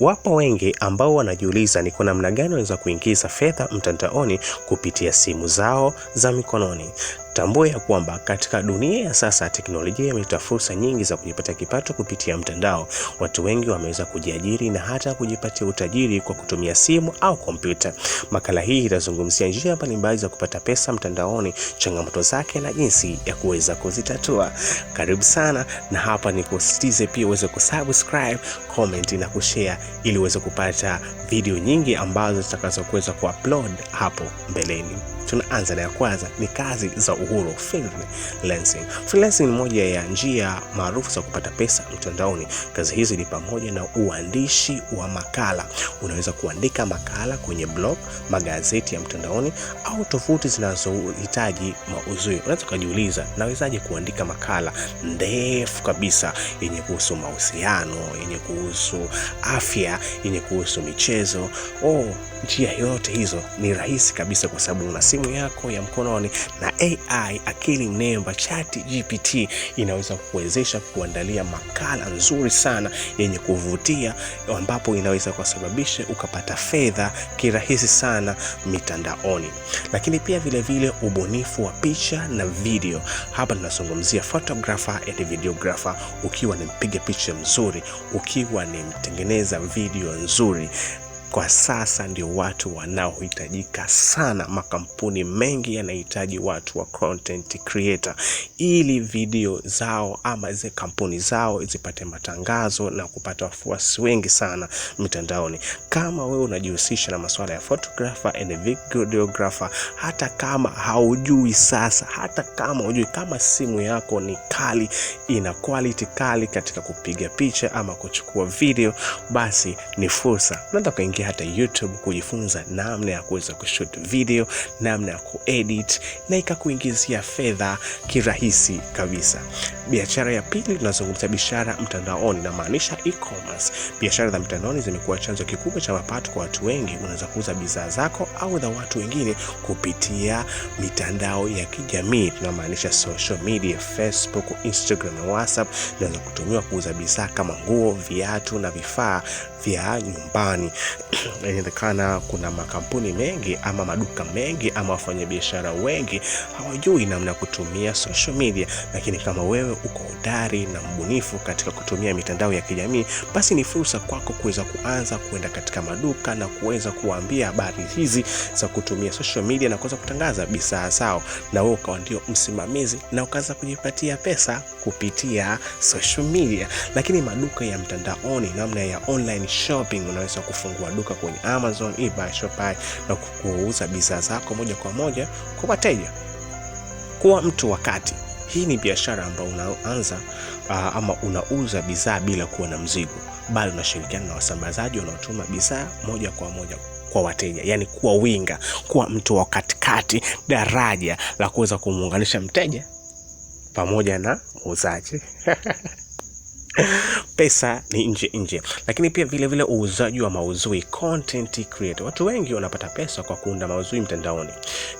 Wapo wengi ambao wanajiuliza ni kwa namna gani wanaweza kuingiza fedha mtandaoni kupitia simu zao za mikononi. Tambua ya kwamba katika dunia ya sasa teknolojia imeleta fursa nyingi za kujipata kipato kupitia mtandao. Watu wengi wameweza kujiajiri na hata kujipatia utajiri kwa kutumia simu au kompyuta. Makala hii itazungumzia njia mbalimbali za kupata pesa mtandaoni, changamoto zake na jinsi ya kuweza kuzitatua. Karibu sana, na hapa ni kusitize pia uweze kusubscribe, comment na kushare ili uweze kupata video nyingi ambazo zitakazokuweza kuupload hapo mbeleni tunaanza na ya kwanza ni kazi za uhuru freelancing. Freelancing ni moja ya njia maarufu za kupata pesa mtandaoni. Kazi hizi ni pamoja na uandishi wa makala. Unaweza kuandika makala kwenye blog, magazeti ya mtandaoni au tovuti zinazohitaji mauzuri Unaweza ukajiuliza, nawezaje kuandika makala ndefu kabisa yenye kuhusu mahusiano, yenye kuhusu afya, yenye kuhusu michezo? Oh, njia yote hizo ni rahisi kabisa kwa sababu una simu simu yako ya mkononi na AI akili mnemba Chat GPT inaweza kuwezesha kuandalia makala nzuri sana yenye kuvutia, ambapo inaweza kusababisha ukapata fedha kirahisi sana mitandaoni. Lakini pia vilevile vile ubunifu wa picha na video, hapa tunazungumzia photographer and videographer. Ukiwa ni mpiga picha mzuri, ukiwa ni mtengeneza video nzuri kwa sasa ndio watu wanaohitajika sana. Makampuni mengi yanahitaji watu wa content creator ili video zao ama zile kampuni zao zipate matangazo na kupata wafuasi wengi sana mitandaoni. Kama wewe unajihusisha na masuala ya photographer and videographer, hata kama haujui sasa, hata kama hujui, kama simu yako ni kali, ina quality kali katika kupiga picha ama kuchukua video, basi ni fursa, unaweza kuingia kupitia hata YouTube kujifunza namna ya kuweza kushoot video, namna ya kuedit na ikakuingizia fedha kirahisi kabisa. Biashara ya pili, tunazungumza biashara mtandaoni, namaanisha e-commerce. Biashara za mtandaoni zimekuwa chanzo kikubwa cha mapato kwa watu wengi. Unaweza kuuza bidhaa zako au za watu wengine kupitia mitandao ya kijamii, tunamaanisha social media, Facebook, Instagram na WhatsApp. Zinaweza kutumiwa kuuza bidhaa kama nguo, viatu na vifaa vya nyumbani. inawezekana kuna makampuni mengi ama maduka mengi ama wafanyabiashara wengi hawajui namna ya kutumia social media, lakini kama wewe uko hodari na mbunifu katika kutumia mitandao ya kijamii, basi ni fursa kwako kuweza kuanza kuenda katika maduka na kuweza kuwaambia habari hizi za kutumia social media na kuweza kutangaza bidhaa zao, na wewe ukawa ndio msimamizi na ukaanza kujipatia pesa kupitia social media. Lakini maduka ya mtandaoni, namna ya online shopping, unaweza kufungua maduka kwenye Amazon, eBay, Shopify na kuuza bidhaa zako moja kwa moja kwa wateja. Kuwa mtu wa kati. Hii ni biashara ambayo unaanza uh, ama unauza bidhaa bila kuwa na mzigo, bali unashirikiana na wasambazaji wanaotuma bidhaa moja kwa moja kwa wateja, yaani kuwa winga, kuwa mtu wa katikati, daraja la kuweza kumuunganisha mteja pamoja na muuzaji. pesa ni nje nje, lakini pia vilevile uuzaji wa mauzui content creator. Watu wengi wanapata pesa kwa kuunda mauzui mtandaoni.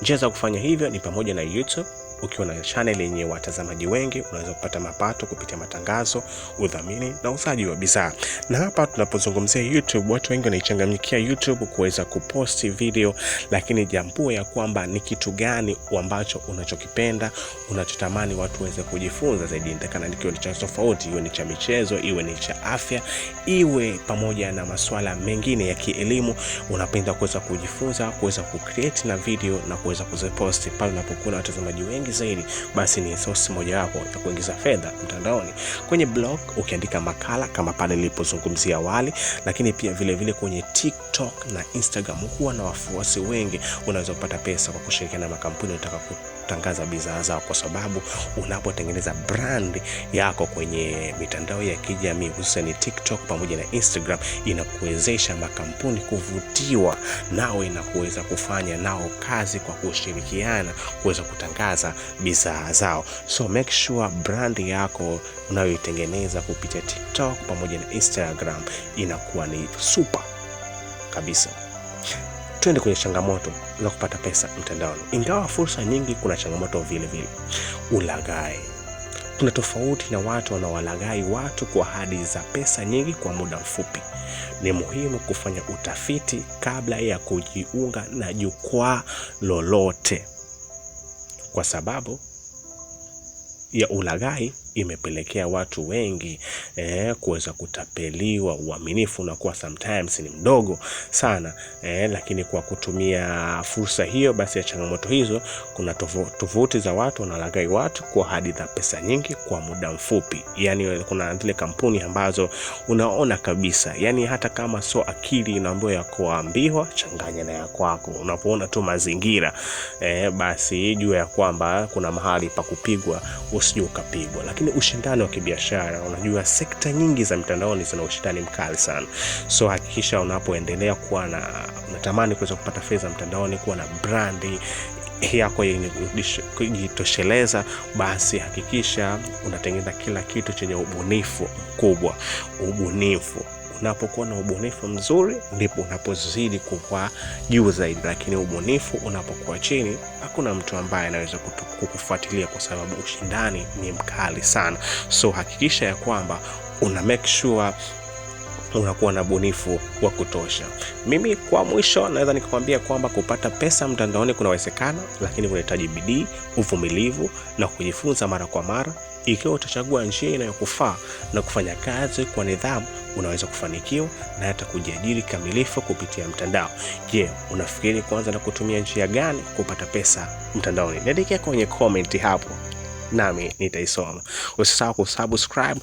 Njia za kufanya hivyo ni pamoja na YouTube ukiwa na channel yenye watazamaji wengi, unaweza kupata mapato kupitia matangazo, udhamini na uzaji wa bidhaa. Na hapa tunapozungumzia YouTube, watu wengi wanaichangamkia YouTube kuweza kuposti video, lakini jambo ya kwamba ni kitu gani ambacho unachokipenda, unachotamani watu waweze kujifunza zaidi. Nitakana nikiwa ni cha tofauti, iwe ni cha michezo, iwe ni cha afya, iwe pamoja na masuala mengine ya kielimu, unapenda kuweza kujifunza, kuweza kucreate na video na kuweza kuzipost pale unapokuwa na watazamaji wengi nyingi zaidi, basi ni source mojawapo ya kuingiza fedha mtandaoni. Kwenye blog ukiandika makala kama pale nilipozungumzia awali, lakini pia vilevile vile kwenye TikTok na Instagram huwa na wafuasi wengi, unaweza kupata pesa kwa kushirikiana na makampuni unataka kutangaza bidhaa zao, kwa sababu unapotengeneza brand yako kwenye mitandao ya kijamii hususan TikTok pamoja na Instagram, inakuwezesha makampuni kuvutiwa nawe na kuweza kufanya nao kazi kwa kushirikiana kuweza kutangaza bidhaa zao. So make sure brand yako unayoitengeneza kupitia TikTok pamoja na Instagram inakuwa ni super kabisa. Twende kwenye changamoto za kupata pesa mtandaoni. Ingawa fursa nyingi, kuna changamoto vile vile. Ulaghai. Kuna tofauti na watu wanaowalagai watu kwa ahadi za pesa nyingi kwa muda mfupi. Ni muhimu kufanya utafiti kabla ya kujiunga na jukwaa lolote, kwa sababu ya ulaghai imepelekea watu wengi eh, kuweza kutapeliwa, uaminifu unakuwa sometimes ni mdogo sana eh, lakini kwa kutumia fursa hiyo basi ya changamoto hizo, kuna tofauti za watu wanalagai watu kwa hadi za pesa nyingi kwa muda mfupi. Yani kuna zile kampuni ambazo unaona kabisa, yani hata kama so akili inaambiwa ya kuambiwa changanya na ya kwako, unapoona tu mazingira eh, basi jua ya kwamba kuna mahali pa kupigwa, usije ukapigwa, lakini ni ushindani wa kibiashara. Unajua sekta nyingi za mtandaoni zina ushindani mkali sana, so hakikisha unapoendelea kuwa na unatamani kuweza kupata fedha mtandaoni, kuwa na brandi yako yenye kujitosheleza, basi hakikisha unatengeneza kila kitu chenye ubunifu mkubwa, ubunifu Unapokuwa na ubunifu mzuri, ndipo unapozidi kuwa juu zaidi, lakini ubunifu unapokuwa chini, hakuna mtu ambaye anaweza kukufuatilia kwa sababu ushindani ni mkali sana. So hakikisha ya kwamba una make sure unakuwa na bunifu wa kutosha. Mimi kwa mwisho, naweza nikakwambia kwamba kupata pesa mtandaoni kunawezekana, lakini kunahitaji bidii, uvumilivu na kujifunza mara kwa mara ikiwa utachagua njia inayokufaa na kufanya kazi kwa nidhamu, unaweza kufanikiwa na hata kujiajiri kamilifu kupitia mtandao. Je, unafikiri kuanza na kutumia njia gani kupata pesa mtandaoni? Niandikia kwenye komenti hapo, nami nitaisoma. Usisahau kusubscribe.